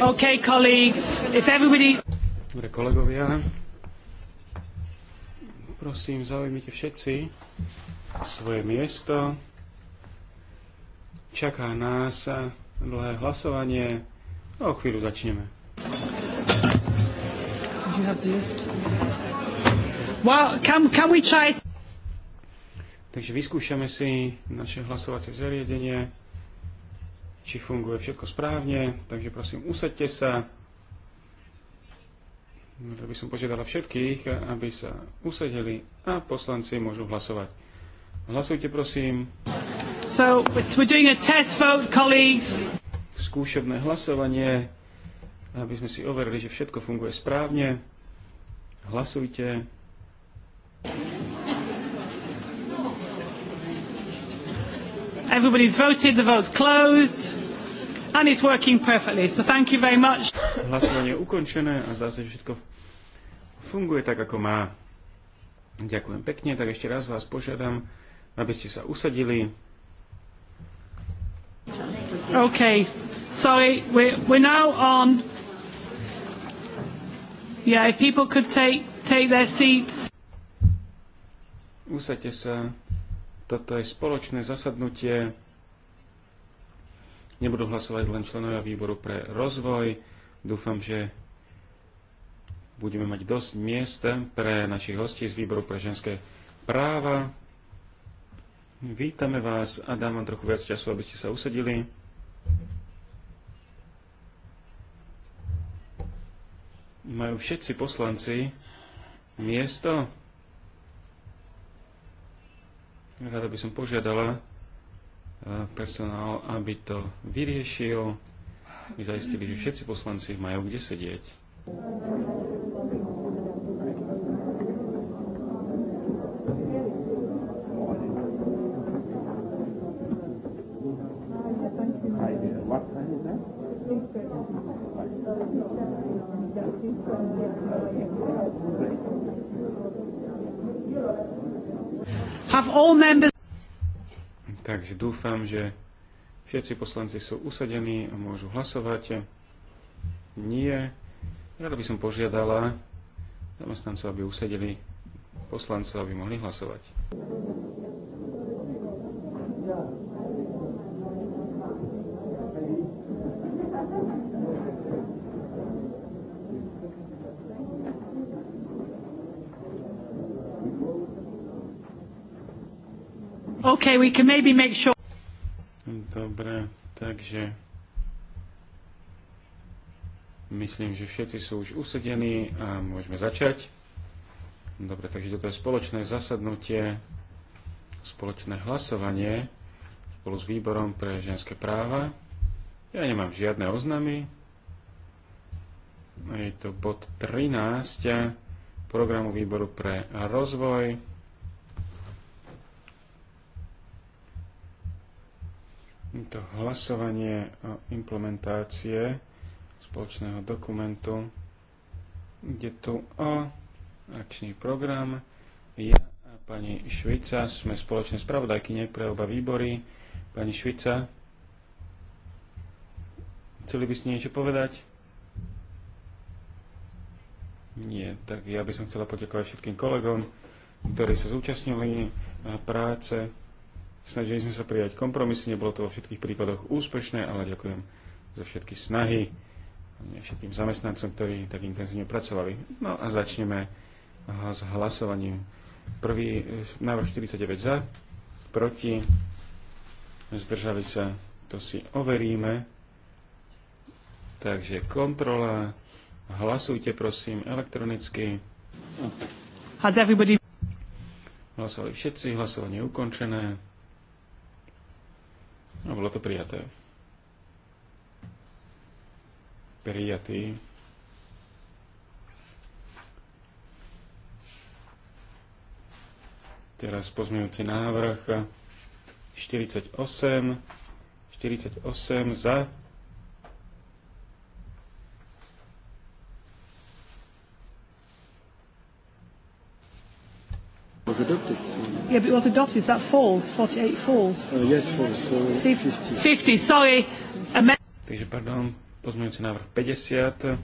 Okay, colleagues, if everybody... Dobre, kolegovia, prosím, zaujímite všetci svoje miesto. Čaká nás dlhé hlasovanie. O chvíľu začneme. Well, can, can we try... Takže vyskúšame si naše hlasovacie zariadenie či funguje všetko správne, takže prosím, usaďte sa. Že by som požiadala všetkých, aby sa usadili a poslanci môžu hlasovať. Hlasujte, prosím. So, we're doing a test vote, colleagues. Skúšobné hlasovanie, aby sme si overili, že všetko funguje správne. Hlasujte. Everybody's voted, the vote's closed. And it's working perfectly, so thank you very much. Hlasovanie ukončené a zdá sa, že všetko funguje tak, ako má. Ďakujem pekne, tak ešte raz vás požiadam, aby ste sa usadili. OK, sorry, we're, we're now on... Yeah, if people could take, take their seats. Usadte sa. Toto je spoločné zasadnutie. Nebudú hlasovať len členovia výboru pre rozvoj. Dúfam, že budeme mať dosť miesta pre našich hostí z výboru pre ženské práva. Vítame vás a dám vám trochu viac času, aby ste sa usadili. Majú všetci poslanci miesto? Rada by som požiadala e, personál, aby to vyriešil, aby zaistili, že všetci poslanci majú kde sedieť. Thank you. Takže dúfam, že všetci poslanci sú usadení a môžu hlasovať. Nie. Rada by som požiadala zamestnancov, aby usadili poslancov, aby mohli hlasovať. Okay, we can maybe make sure... Dobre, takže myslím, že všetci sú už usedení a môžeme začať. Dobre, takže toto je spoločné zasadnutie, spoločné hlasovanie spolu s výborom pre ženské práva. Ja nemám žiadne oznamy. Je to bod 13 programu výboru pre rozvoj to hlasovanie o implementácie spoločného dokumentu, kde tu o akčný program. Ja a pani Švica sme spoločne spravodajkyne pre oba výbory. Pani Švica, chceli by ste niečo povedať? Nie, tak ja by som chcela poďakovať všetkým kolegom, ktorí sa zúčastnili práce Snažili sme sa prijať kompromisy, nebolo to vo všetkých prípadoch úspešné, ale ďakujem za všetky snahy všetkým zamestnancom, ktorí tak intenzívne pracovali. No a začneme s hlasovaním. Prvý eh, návrh 49 za, proti, zdržali sa, to si overíme. Takže kontrola, hlasujte prosím elektronicky. Hlasovali všetci, hlasovanie ukončené. No, bolo to prijaté. Prijatý. Teraz pozmeňujúci návrh 48, 48 za, adopted. So. Yeah, but it was adopted. That falls. 48 falls. Uh, yes, falls. So 50. 50, sorry. Takže, pardon, pozmeňujúci návrh 50.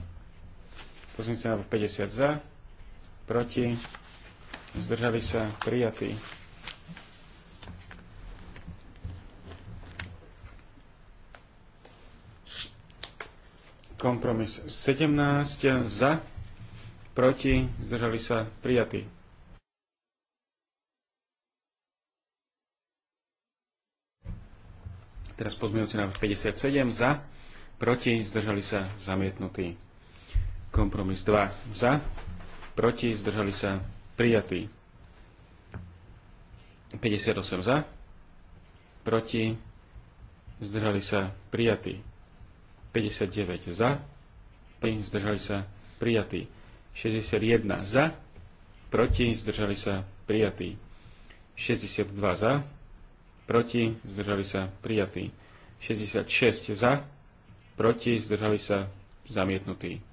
Pozmeňujúci návrh 50 za. Proti. Zdržali sa. Prijatí. Kompromis 17 za, proti, zdržali sa prijatí. Teraz pozmeňujúci návrh 57 za, proti, zdržali sa zamietnutí. Kompromis 2 za, proti, zdržali sa prijatí. 58 za, proti, zdržali sa prijatí. 59 za, proti, zdržali sa prijatí. 61 za, proti, zdržali sa prijatí. 62 za, proti, zdržali sa prijatí. 66 za, proti, zdržali sa zamietnutí.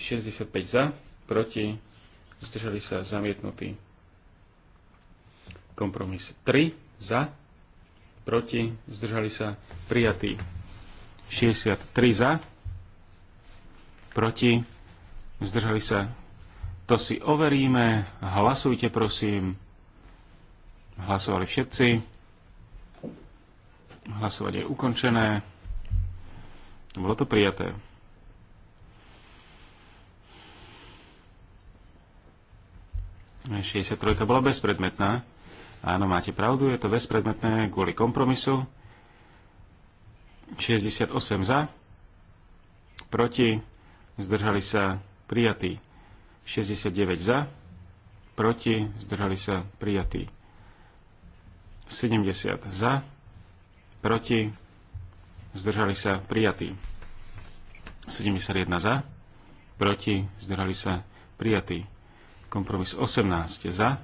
65 za, proti, zdržali sa zamietnutí. Kompromis 3 za, proti, zdržali sa prijatí. 63 za, proti, zdržali sa. To si overíme. Hlasujte prosím. Hlasovali všetci. Hlasovanie je ukončené. Bolo to prijaté. E, 63 bola bezpredmetná. Áno, máte pravdu, je to bezpredmetné kvôli kompromisu. 68 za, proti, zdržali sa prijatí. 69 za, proti, zdržali sa prijatí. 70 za, proti, zdržali sa prijatí. 71 za, proti, zdržali sa prijatí. Kompromis 18 za,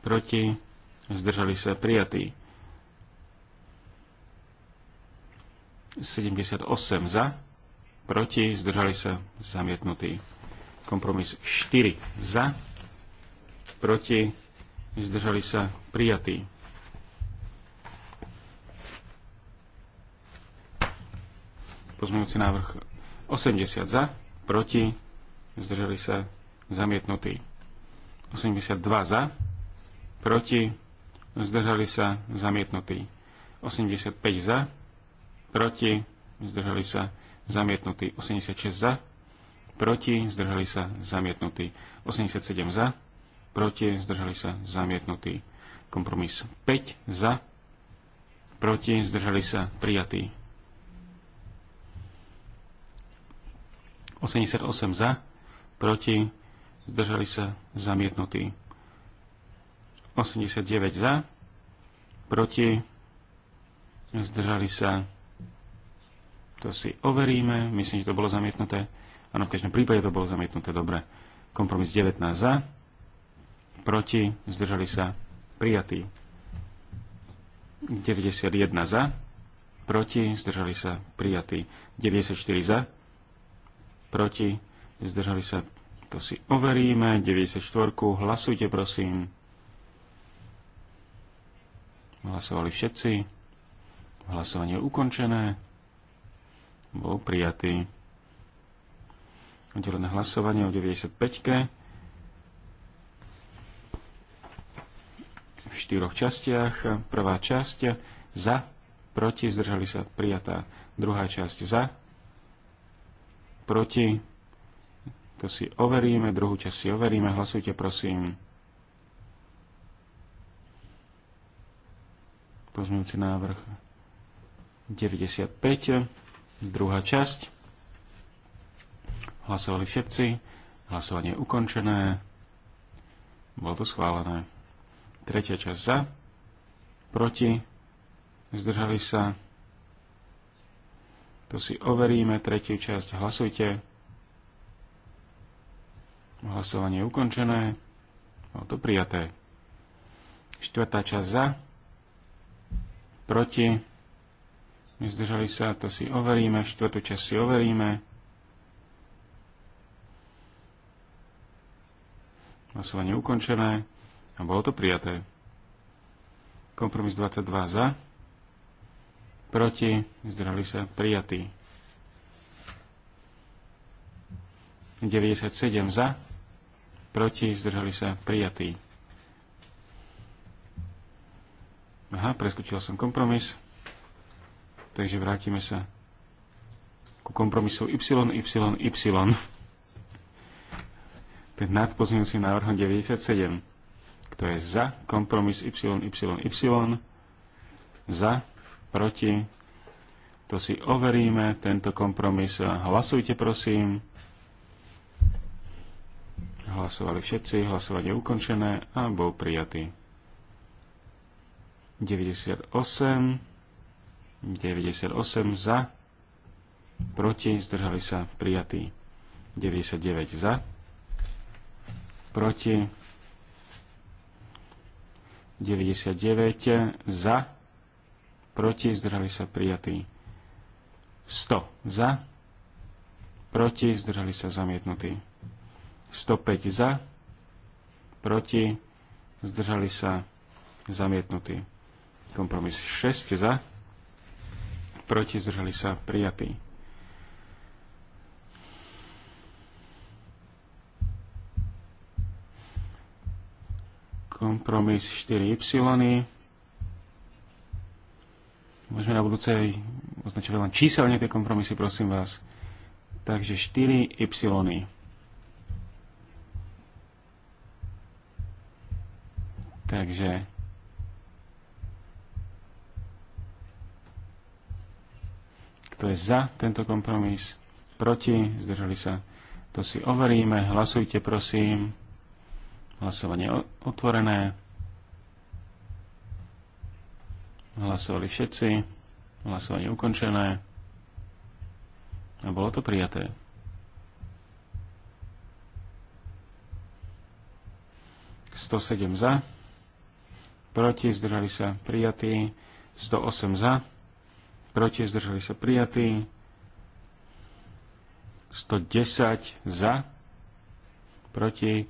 proti, zdržali sa prijatí. 78 za, proti, zdržali sa zamietnutí. Kompromis 4 za, proti, zdržali sa prijatí. Pozmeňujúci návrh 80 za, proti, zdržali sa zamietnutí. 82 za, proti, zdržali sa zamietnutí. 85 za, proti, zdržali sa zamietnutí. 86 za, proti, zdržali sa zamietnutí. 87 za, proti, zdržali sa zamietnutí. Kompromis 5 za, proti, zdržali sa prijatí. 88 za, proti, zdržali sa zamietnutí. 89 za, proti, zdržali sa, to si overíme, myslím, že to bolo zamietnuté. Áno, v každom prípade to bolo zamietnuté, dobre. Kompromis 19 za, proti, zdržali sa, prijatí. 91 za, proti, zdržali sa, prijatí. 94 za, proti, zdržali sa, to si overíme, 94, hlasujte prosím. Hlasovali všetci. Hlasovanie je ukončené. Bol prijatý. Oddelené hlasovanie o 95. -ke. V štyroch častiach. Prvá časť za, proti, zdržali sa prijatá. Druhá časť za, proti, to si overíme, druhú časť si overíme, hlasujte prosím. Pozmeňujúci návrh 95, druhá časť. Hlasovali všetci, hlasovanie je ukončené, bolo to schválené. Tretia časť za, proti, zdržali sa, to si overíme. Tretiu časť. Hlasujte. Hlasovanie je ukončené. Bolo to prijaté. Štvrtá časť za. Proti. Nezdržali sa. To si overíme. Štvrtú časť si overíme. Hlasovanie ukončené. A bolo to prijaté. Kompromis 22 za proti, zdržali sa prijatí. 97 za, proti, zdržali sa prijatí. Aha, preskočil som kompromis, takže vrátime sa ku kompromisu Y, Y, Y. Ten nad pozmeňujúcim návrhom 97. Kto je za kompromis Y, Y, Y? Za proti. To si overíme, tento kompromis. Hlasujte, prosím. Hlasovali všetci, hlasovanie ukončené a bol prijatý. 98, 98 za, proti, zdržali sa, prijatý. 99 za, proti, 99 za, proti, zdržali sa prijatí. 100 za, proti, zdržali sa zamietnutí. 105 za, proti, zdržali sa zamietnutí. Kompromis 6 za, proti, zdržali sa prijatí. Kompromis 4y Môžeme na budúcej označiť len číselne tie kompromisy, prosím vás. Takže 4 y. Takže kto je za tento kompromis, proti, zdržali sa, to si overíme, hlasujte prosím. Hlasovanie otvorené. Hlasovali všetci. Hlasovanie ukončené. A bolo to prijaté. K 107 za. Proti zdržali sa prijatí. 108 za. Proti zdržali sa prijatí. 110 za. Proti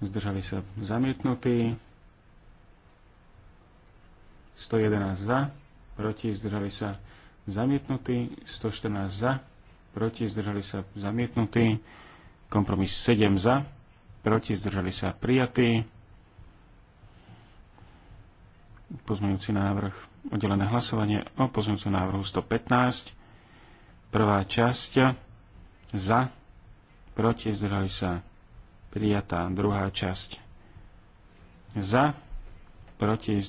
zdržali sa zamietnutí. 111 za, proti, zdržali sa zamietnutí, 114 za, proti, zdržali sa zamietnutí, kompromis 7 za, proti, zdržali sa prijatí, pozmeňujúci návrh, oddelené hlasovanie o pozmeňujúcu návrhu 115, prvá časť za, proti, zdržali sa prijatá, druhá časť za, proti,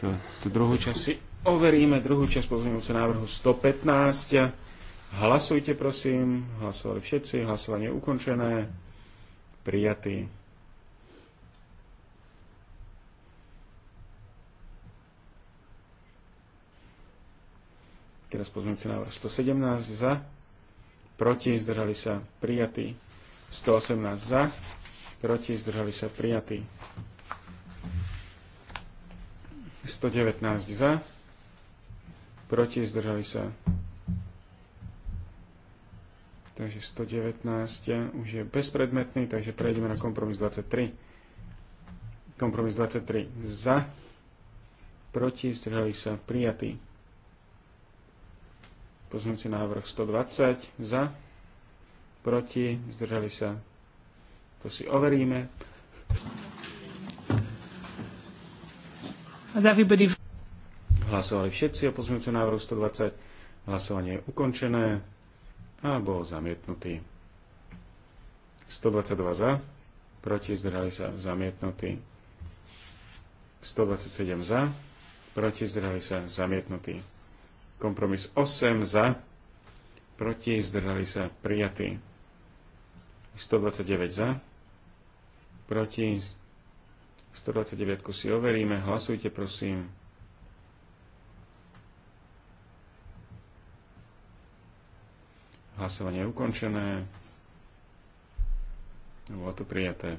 to, tú druhú časť si overíme, druhú časť pozmeňujúce návrhu 115. Hlasujte prosím, hlasovali všetci, hlasovanie ukončené, prijatý. Teraz sa návrh 117 za, proti, zdržali sa, prijatý. 118 za, proti, zdržali sa, prijatý. 119 za, proti zdržali sa. Takže 119 už je bezpredmetný, takže prejdeme na kompromis 23. Kompromis 23 za, proti zdržali sa, prijatý. Pozmeňujúci návrh 120 za, proti zdržali sa. To si overíme. Hlasovali všetci o pozmeňujúcom návrhu 120. Hlasovanie je ukončené a bol zamietnutý. 122 za, proti zdržali sa zamietnutí. 127 za, proti zdrhali sa zamietnutí. Kompromis 8 za, proti zdržali sa prijatí. 129 za, proti 129 si overíme. Hlasujte, prosím. Hlasovanie je ukončené. Bolo to prijaté.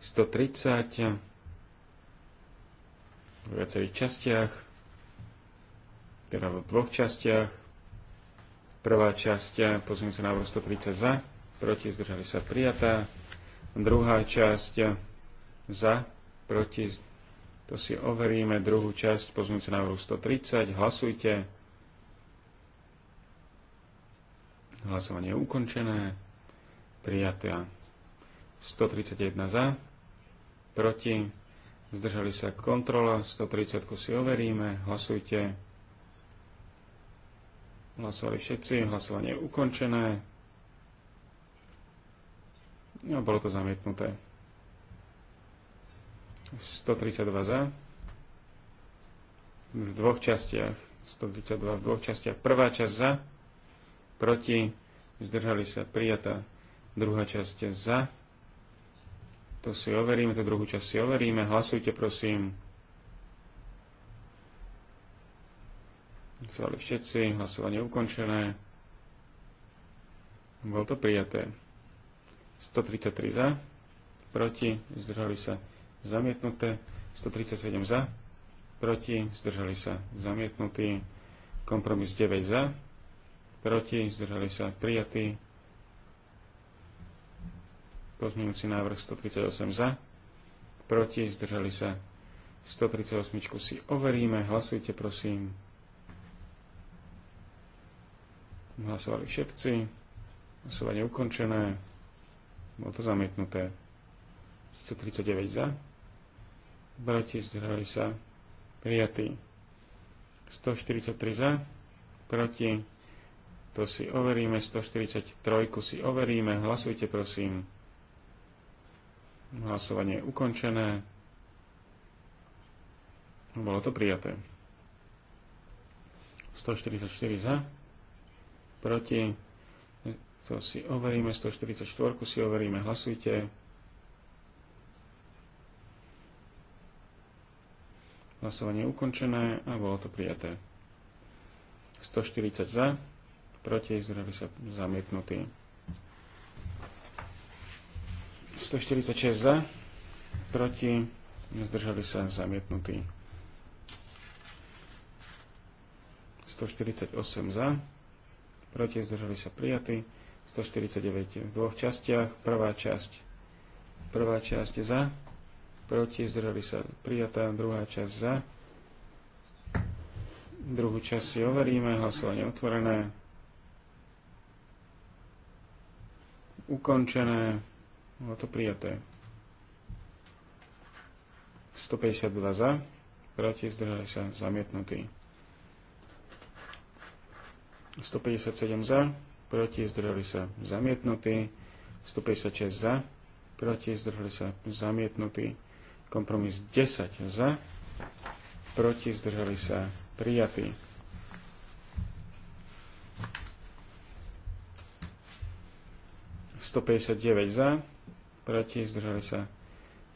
130 v viacerých častiach, teda v dvoch častiach. Prvá časť, pozrieme sa návrh 130 za, proti, zdržali sa prijatá. Druhá časť eh, za, proti, to si overíme. Druhú časť pozmúce návrhu 130. Hlasujte. Hlasovanie je ukončené. Prijaté. 131 za, proti, zdržali sa kontrola. 130 si overíme. Hlasujte. Hlasovali všetci. Hlasovanie je ukončené No, bolo to zamietnuté. 132 za. V dvoch častiach. 132 v dvoch častiach. Prvá časť za. Proti. Zdržali sa. Prijatá. Druhá časť za. To si overíme. To druhú časť si overíme. Hlasujte prosím. Hlasovali všetci. Hlasovanie ukončené. Bolo to prijaté. 133 za, proti, zdržali sa zamietnuté, 137 za, proti, zdržali sa zamietnutí, kompromis 9 za, proti, zdržali sa prijatí, pozmeňujúci návrh 138 za, proti, zdržali sa 138 si overíme, hlasujte prosím. Hlasovali všetci, hlasovanie ukončené. Bolo to zamietnuté. 139 za. Proti sa. Prijatý. 143 za. Proti. To si overíme. 143 si overíme. Hlasujte prosím. Hlasovanie je ukončené. Bolo to prijaté. 144 za. Proti to si overíme, 144 si overíme, hlasujte. Hlasovanie je ukončené a bolo to prijaté. 140 za, proti, zdržali sa zamietnutí. 146 za, proti, zdržali sa zamietnutí. 148 za, proti, zdržali sa prijatí. 149 v dvoch častiach. Prvá časť, prvá časť za, proti, zdržali sa prijatá, druhá časť za. Druhú časť si overíme, hlasovanie otvorené, ukončené, bolo to prijaté. 152 za, proti, zdržali sa zamietnutí. 157 za, proti, zdržali sa zamietnutí, 156 za, proti, zdržali sa zamietnutí, kompromis 10 za, proti, zdržali sa prijatí. ...159 za, proti, zdržali sa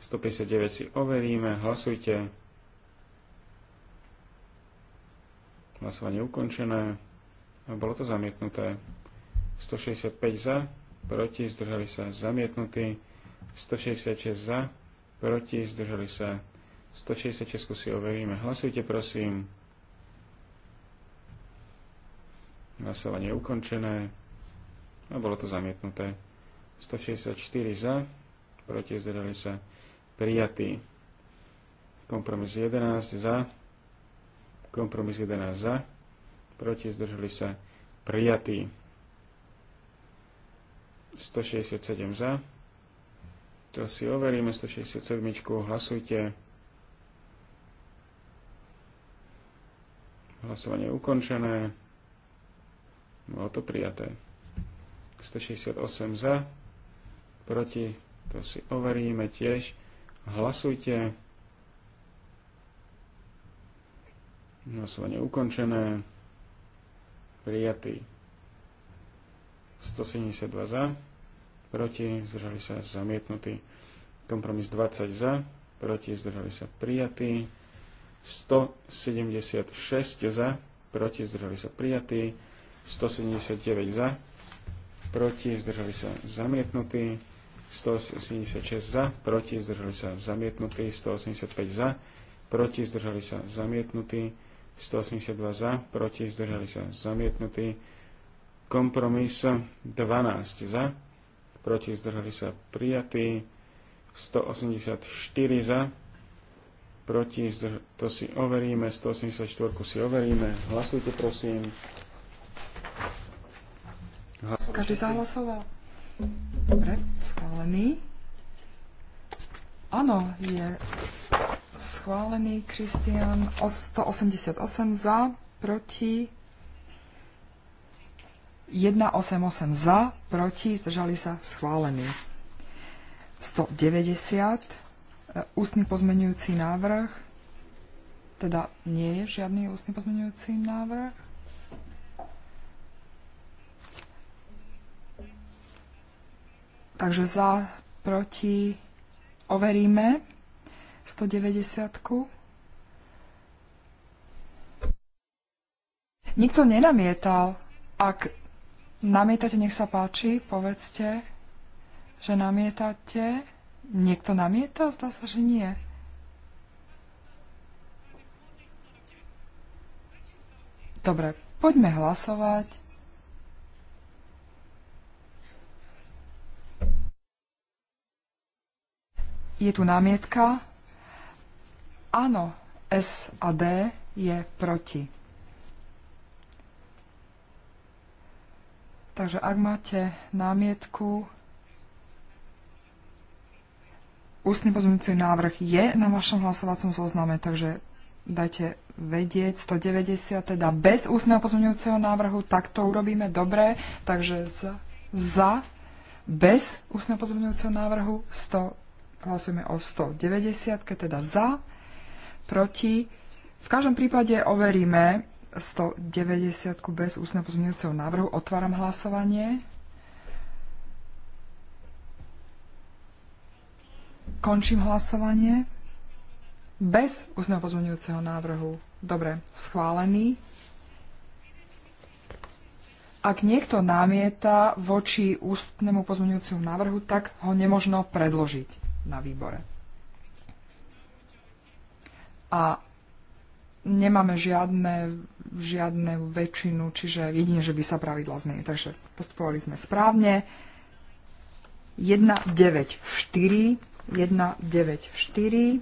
159 si overíme, hlasujte. Hlasovanie ukončené. Bolo to zamietnuté. 165 za, proti, zdržali sa zamietnutí, 166 za, proti, zdržali sa 166 si overíme. Hlasujte prosím. Hlasovanie je ukončené a bolo to zamietnuté. 164 za, proti zdržali sa prijatí. Kompromis 11 za, kompromis 11 za, proti zdržali sa prijatí. 167 za. To si overíme, 167. Hlasujte. Hlasovanie je ukončené. Bolo to prijaté. 168 za. Proti. To si overíme tiež. Hlasujte. Hlasovanie ukončené. Prijatý. 172 za, proti, zdržali sa zamietnutí. Kompromis 20 za, proti, zdržali sa prijatí. 176 za, proti, zdržali sa prijatí. 179 za, proti, zdržali sa zamietnutí. 176 za, proti, zdržali sa zamietnutí. 185 za, proti, zdržali sa zamietnutí. 182 za, proti, zdržali sa zamietnutí. Kompromis 12 za, proti zdržali sa prijatí, 184 za, proti, to si overíme, 184 si overíme, hlasujte prosím. Hlasujte. Každý zahlasoval? Dobre, schválený. Áno, je schválený Kristian 188 za, proti, 188 za, proti, zdržali sa schválený. 190, e, ústny pozmenujúci návrh, teda nie je žiadny ústny pozmenujúci návrh. Takže za, proti, overíme 190. -ku. Nikto nenamietal, ak Namietate, nech sa páči, povedzte, že namietate. Niekto namieta? Zdá sa, že nie. Dobre, poďme hlasovať. Je tu námietka? Áno, S a D je proti. Takže ak máte námietku, ústny pozmeňujúci návrh je na vašom hlasovacom zozname, takže dajte vedieť 190, teda bez ústneho pozmeňujúceho návrhu, tak to urobíme dobre, takže z za bez ústneho pozmeňujúceho návrhu 100, hlasujeme o 190, teda za, proti. V každom prípade overíme 190 bez ústneho pozmeňujúceho návrhu. Otváram hlasovanie. Končím hlasovanie. Bez ústneho pozmeňujúceho návrhu. Dobre, schválený. Ak niekto námieta voči ústnemu pozmeňujúcemu návrhu, tak ho nemožno predložiť na výbore. A nemáme žiadne, žiadne väčšinu, čiže jedine, že by sa pravidla zmenili. Takže postupovali sme správne. 194, 194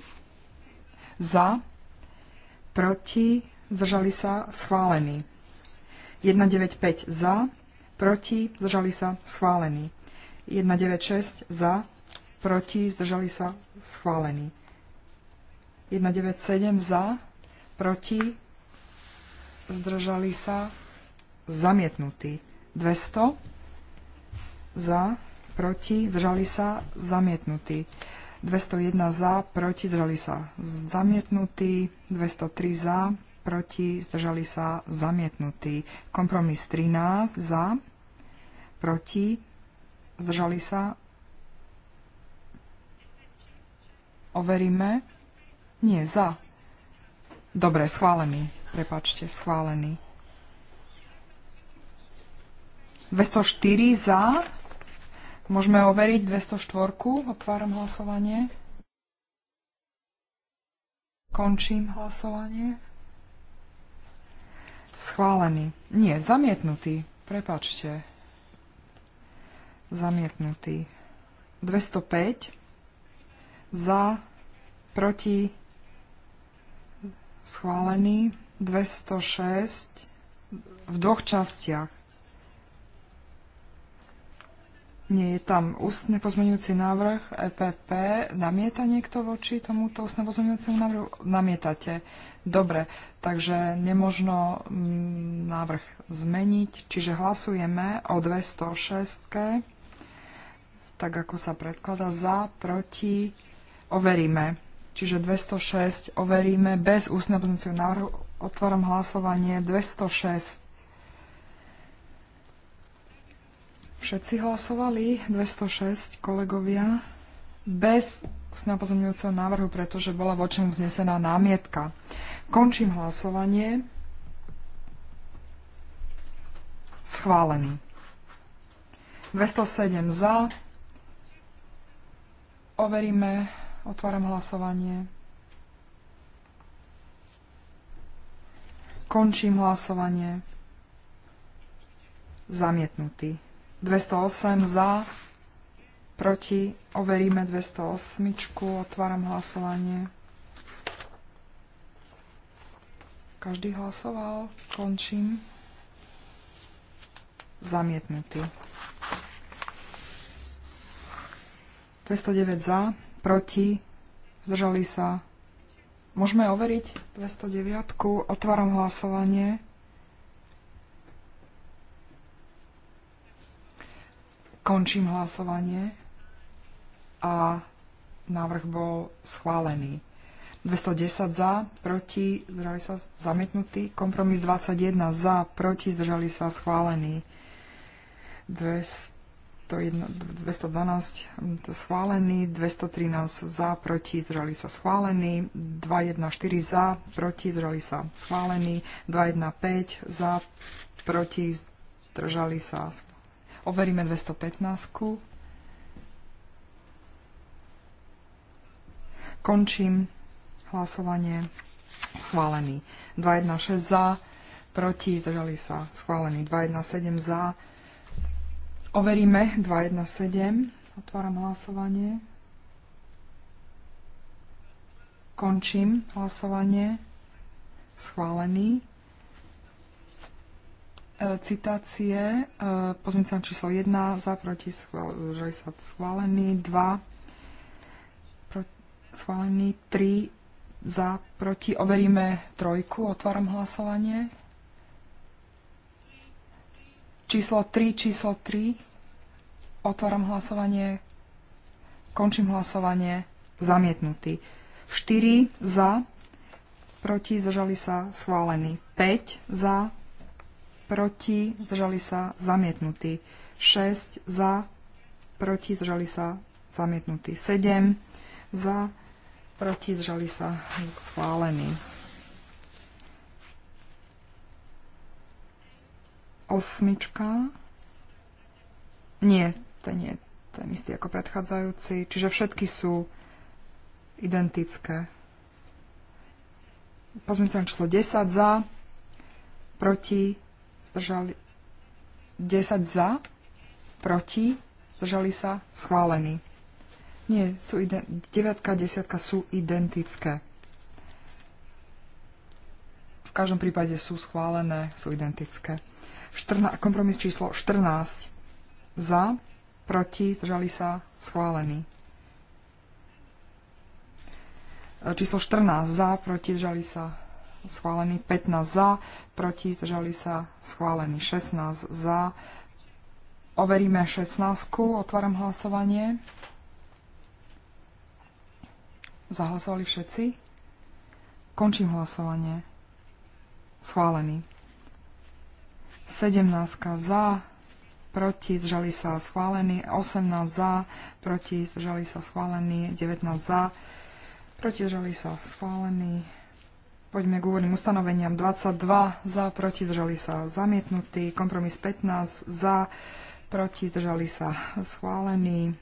za, proti, zdržali sa, schválený. 195 za, proti, zdržali sa, schválený. 196 za, proti, zdržali sa, schválený. 197 za, proti, zdržali sa, zamietnutý. 200 za, proti, zdržali sa, zamietnutý. 201 za, proti, zdržali sa, zamietnutý. 203 za, proti, zdržali sa, zamietnutý. Kompromis 13 za, proti, zdržali sa, overíme. Nie, za. Dobre, schválený. Prepačte, schválený. 204 za. Môžeme overiť 204. Otváram hlasovanie. Končím hlasovanie. Schválený. Nie, zamietnutý. Prepačte. Zamietnutý. 205 za, proti, schválený 206 v dvoch častiach. Nie je tam ústne pozmeňujúci návrh EPP. Namieta niekto voči tomuto ústne pozmeňujúcemu návrhu? Namietate. Dobre, takže nemožno mm, návrh zmeniť. Čiže hlasujeme o 206 tak ako sa predkladá za, proti, overíme čiže 206 overíme bez ústneho pozmeňujúceho návrhu. Otváram hlasovanie 206. Všetci hlasovali 206 kolegovia bez ústneho pozmeňujúceho návrhu, pretože bola vočem vznesená námietka. Končím hlasovanie. Schválený. 207 za. Overíme Otváram hlasovanie. Končím hlasovanie. Zamietnutý. 208 za, proti, overíme 208. Otváram hlasovanie. Každý hlasoval. Končím. Zamietnutý. 209 za, proti, zdržali sa. Môžeme overiť 209. Otváram hlasovanie. Končím hlasovanie a návrh bol schválený. 210 za, proti, zdržali sa zamietnutý. Kompromis 21 za, proti, zdržali sa schválený. 200 212 mm, schválený, 213 za, proti, zdrali sa schválený, 214 za, proti, zdrali sa schválený, 215 za, proti, zdržali sa. Overíme 215. -ku. Končím hlasovanie. Schválený. 216 za, proti, zdržali sa. Schválený. 217 za, Overíme 217. Otváram hlasovanie. Končím hlasovanie. Schválený. E, citácie. E, Pozmite číslo 1. Za, proti, zdržali sa schválený. 2. Pro, schválený. 3. Za, proti. Overíme 3. Otváram hlasovanie. hlasovanie. Číslo 3, číslo 3. Otváram hlasovanie. Končím hlasovanie. Zamietnutý. 4 za. Proti zdržali sa schválený. 5 za. Proti zdržali sa zamietnutý. 6 za. Proti zdržali sa zamietnutý. 7 za. Proti zdržali sa schválený. osmička. Nie, ten je ten istý ako predchádzajúci. Čiže všetky sú identické. Pozmeňujem číslo 10 za, proti, zdržali 10 za, proti, zdržali sa, schválený. Nie, sú 9 a 10 sú identické. V každom prípade sú schválené, sú identické. 14, kompromis číslo 14 za, proti, zdržali sa, schválený. E, číslo 14 za, proti, zdržali sa, schválený. 15 za, proti, zdržali sa, schválený. 16 za, overíme 16, otváram hlasovanie. Zahlasovali všetci? Končím hlasovanie. Schválený. 17 za, proti, zdržali sa schválení, 18 za, proti, zdržali sa schválení, 19 za, proti, zdržali sa schválení. Poďme k úvodným ustanoveniam. 22 za, proti, zdržali sa zamietnutí, kompromis 15 za, proti, zdržali sa schválení.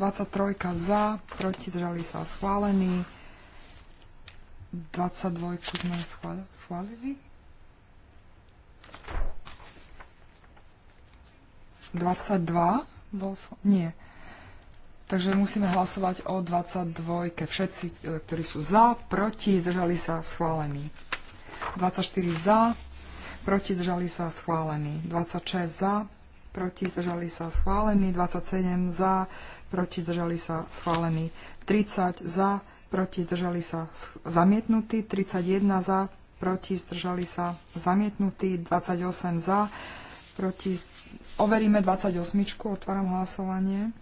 Dvadsaťtrojka za, proti, zdržali sa schválení. 22 sme schválili. 22 bol, nie. Takže musíme hlasovať o 22. Všetci, e, ktorí sú za, proti, zdržali sa, schválení. 24 za, proti, zdržali sa, schválení. 26 za, proti, zdržali sa, schválení. 27 za, proti, zdržali sa, schválení. 30 za, proti zdržali sa zamietnutí, 31 za, proti zdržali sa zamietnutí, 28 za, proti... Overíme 28, otváram hlasovanie.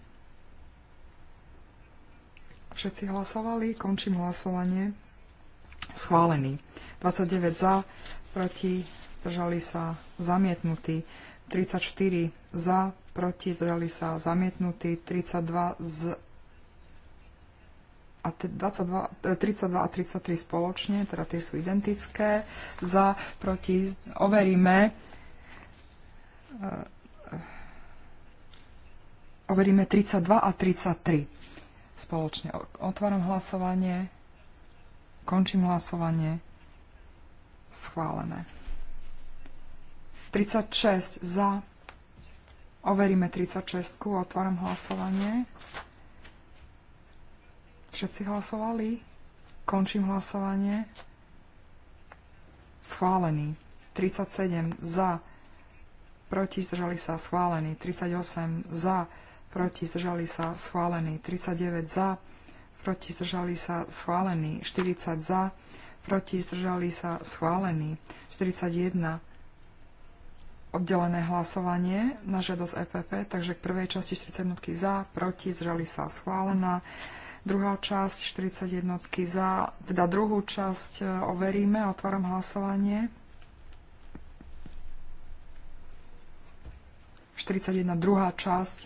Všetci hlasovali, končím hlasovanie. Schválený. 29 za, proti zdržali sa zamietnutí, 34 za, proti zdržali sa zamietnutí, 32 z, a 22, 32 e, a 33 spoločne, teda tie sú identické. Za, proti, overíme e, e, overíme 32 a 33 spoločne. Otváram hlasovanie, končím hlasovanie, schválené. 36 za, overíme 36, otváram hlasovanie. Všetci hlasovali? Končím hlasovanie. Schválený. 37 za, proti zdržali sa, schválený. 38 za, proti zdržali sa, schválený. 39 za, proti zdržali sa, schválený. 40 za, proti zdržali sa, schválený. 41 oddelené hlasovanie na žiadosť EPP, takže k prvej časti 40 za, proti, zdržali sa schválená, Druhá časť 41 za, teda druhú časť e, overíme, otváram hlasovanie. 41, druhá časť.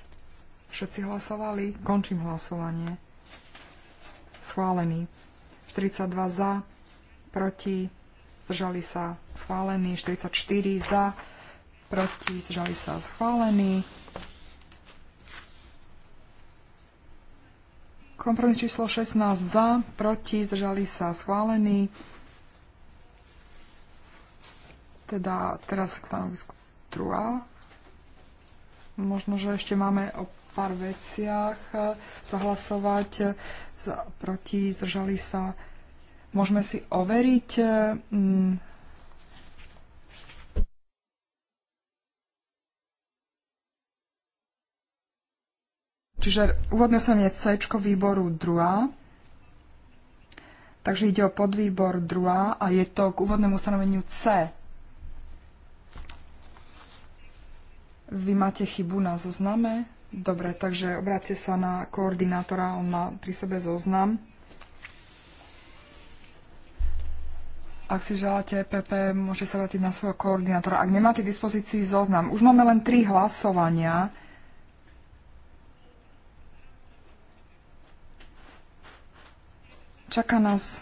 Všetci hlasovali? Končím hlasovanie. Schválený. 42 za, proti, zdržali sa, schválený. 44 za, proti, zdržali sa, schválený. Kompromis číslo 16 za, proti, zdržali sa schválení. Teda teraz k stanovisku Trua. Možno, že ešte máme o pár veciach e, zahlasovať. E, za, proti, zdržali sa. Môžeme si overiť. Mm, Čiže úvodné ustanovenie C výboru druhá. Takže ide o podvýbor druhá a je to k úvodnému ustanoveniu C. Vy máte chybu na zozname? Dobre, takže obráte sa na koordinátora, on má pri sebe zoznam. Ak si želáte pp, môžete sa vrátiť na svojho koordinátora. Ak nemáte k dispozícii zoznam, už máme len tri hlasovania. Čaká nás...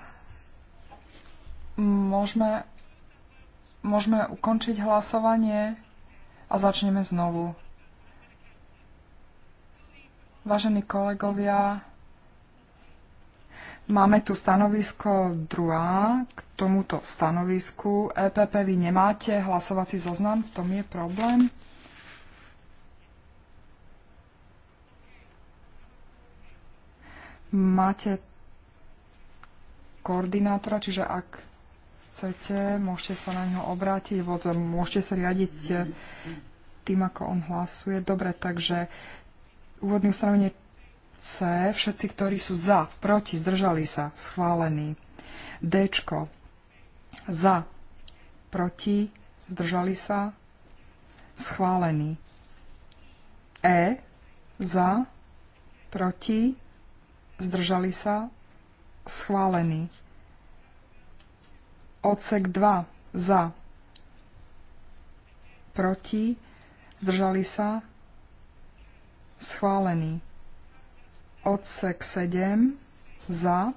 Môžeme, môžeme ukončiť hlasovanie a začneme znovu. Vážení kolegovia, Máme tu stanovisko druhá k tomuto stanovisku. EPP, vy nemáte hlasovací zoznam, v tom je problém. Máte koordinátora, čiže ak chcete, môžete sa na neho obrátiť, lebo môžete sa riadiť e, tým, ako on hlasuje. Dobre, takže úvodné ustanovenie C, všetci, ktorí sú za, proti, zdržali sa, schválený. D, za, proti, zdržali sa, schválený. E, za, proti, zdržali sa, schválený. Odsek 2 za, proti, zdržali sa, schválený. Odsek 7 za,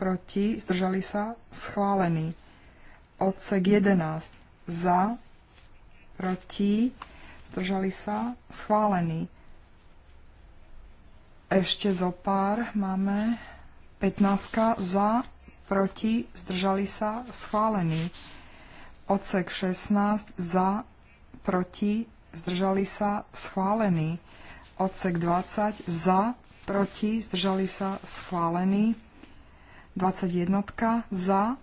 proti, zdržali sa, schválený. Odsek 11 za, proti, zdržali sa, schválený. Ešte zo pár máme 15 za, proti, zdržali sa, schválený. Odsek 16 za, proti, zdržali sa, schválený. Odsek 20 za, proti, zdržali sa, schválený. 21 za,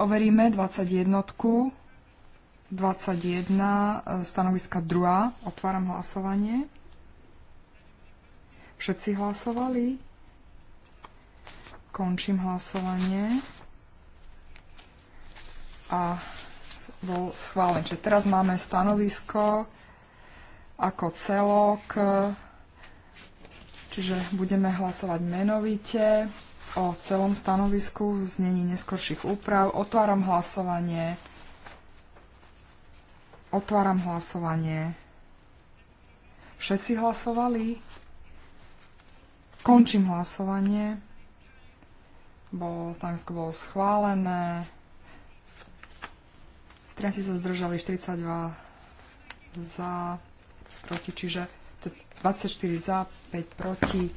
overíme 21 21 e, stanoviska 2, Otváram hlasovanie. Všetci hlasovali? Končím hlasovanie. A bol schválen. Čiže teraz máme stanovisko ako celok. Čiže budeme hlasovať menovite o celom stanovisku v znení neskorších úprav. Otváram hlasovanie. Otváram hlasovanie. Všetci hlasovali? Končím hlasovanie bol, Taliansko bolo schválené. Trenci sa zdržali 42 za, proti, čiže 24 za, 5 proti.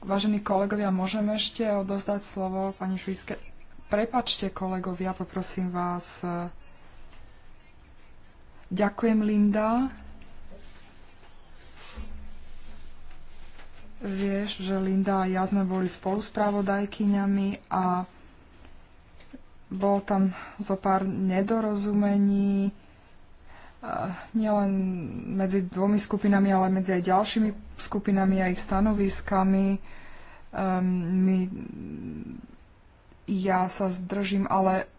Vážení kolegovia, môžem ešte odovzdať slovo pani Švíske? Prepačte, kolegovia, poprosím vás. Ďakujem, Linda. Vieš, že Linda a ja sme boli spolu spravodajkyňami a bol tam zo pár nedorozumení, e, nielen medzi dvomi skupinami, ale medzi aj ďalšími skupinami a ich stanoviskami. Um, my, ja sa zdržím, ale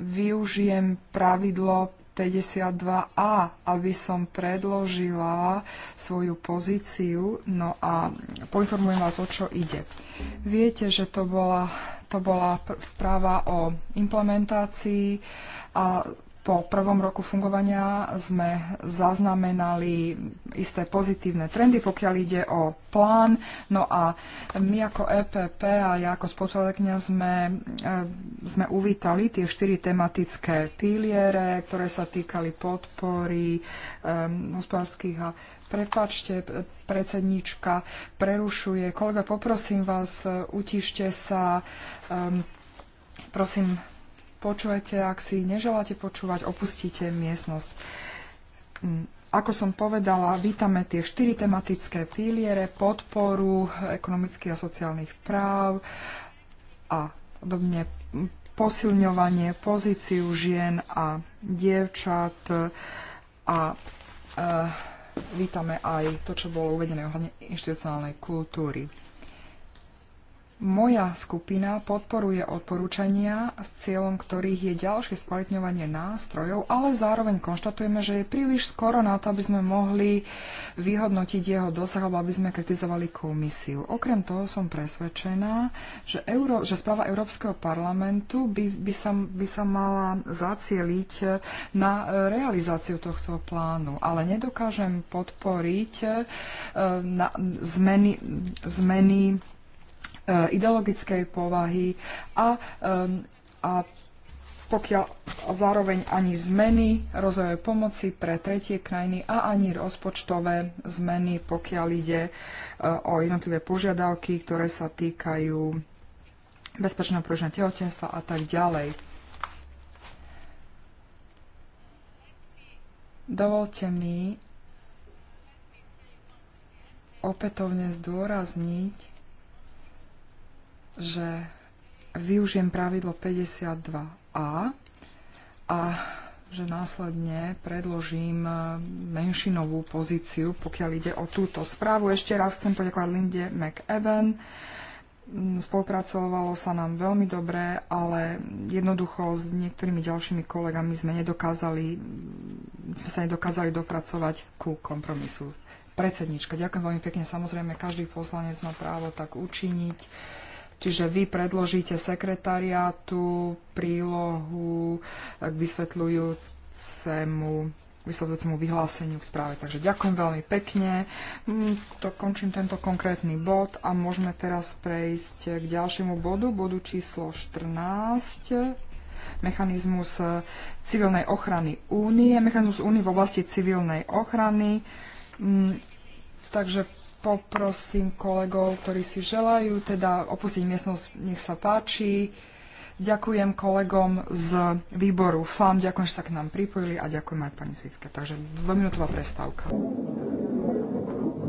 využijem pravidlo 52a, aby som predložila svoju pozíciu. No a poinformujem vás, o čo ide. Viete, že to bola, to bola správa o implementácii a po prvom roku fungovania sme zaznamenali isté pozitívne trendy, pokiaľ ide o plán. No a my ako EPP a ja ako spotrebekňa sme, e, sme uvítali tie štyri tematické piliere, ktoré sa týkali podpory um, hospodárskych a prepačte, predsednička prerušuje. Kolega, poprosím vás, e, utište sa. Um, prosím, počujete, ak si neželáte počúvať, opustíte miestnosť. Mm, ako som povedala, vítame tie štyri tematické piliere, podporu ekonomických a sociálnych práv a podobne mm, posilňovanie pozíciu žien a dievčat a e, vítame aj to, čo bolo uvedené ohľadne inštitucionálnej kultúry. Moja skupina podporuje odporúčania s cieľom ktorých je ďalšie spoletňovanie nástrojov, ale zároveň konštatujeme, že je príliš skoro na to, aby sme mohli vyhodnotiť jeho dosah alebo aby sme kritizovali komisiu. Okrem toho som presvedčená, že, Euró- že správa Európskeho parlamentu by, by, sa, by sa mala zacieliť na realizáciu tohto plánu, ale nedokážem podporiť eh, na zmeny, zmeny Eh, ideologickej povahy a, a pokiaľ zároveň ani zmeny rozvojovej pomoci pre tretie krajiny a ani rozpočtové zmeny, pokiaľ ide eh, o jednotlivé požiadavky, ktoré sa týkajú bezpečného preženia tehotenstva a tak ďalej. Dovolte mi opätovne zdôrazniť, že využijem pravidlo 52a a že následne predložím e, menšinovú pozíciu, pokiaľ ide o túto správu. Ešte raz chcem poďakovať Linde McEwen. Mm, spolupracovalo sa nám veľmi dobre, ale jednoducho s niektorými ďalšími kolegami sme, nedokázali, mm, sme sa nedokázali dopracovať ku kompromisu. Predsednička, ďakujem veľmi pekne. Samozrejme, každý poslanec má právo tak učiniť Čiže vy predložíte sekretariátu prílohu k vysvetľujúcemu vysvetľujúcemu vyhláseniu v správe. Takže ďakujem veľmi pekne. Mm, to končím tento konkrétny bod a môžeme teraz prejsť k ďalšiemu bodu, bodu číslo 14 mechanizmus e, civilnej ochrany únie, mechanizmus únie v oblasti civilnej ochrany. Mm, takže poprosím kolegov, ktorí si želajú teda opustiť miestnosť, nech sa páči. Ďakujem kolegom z výboru FAM, ďakujem, že sa k nám pripojili a ďakujem aj pani Sivke. Takže dvojminútová prestávka.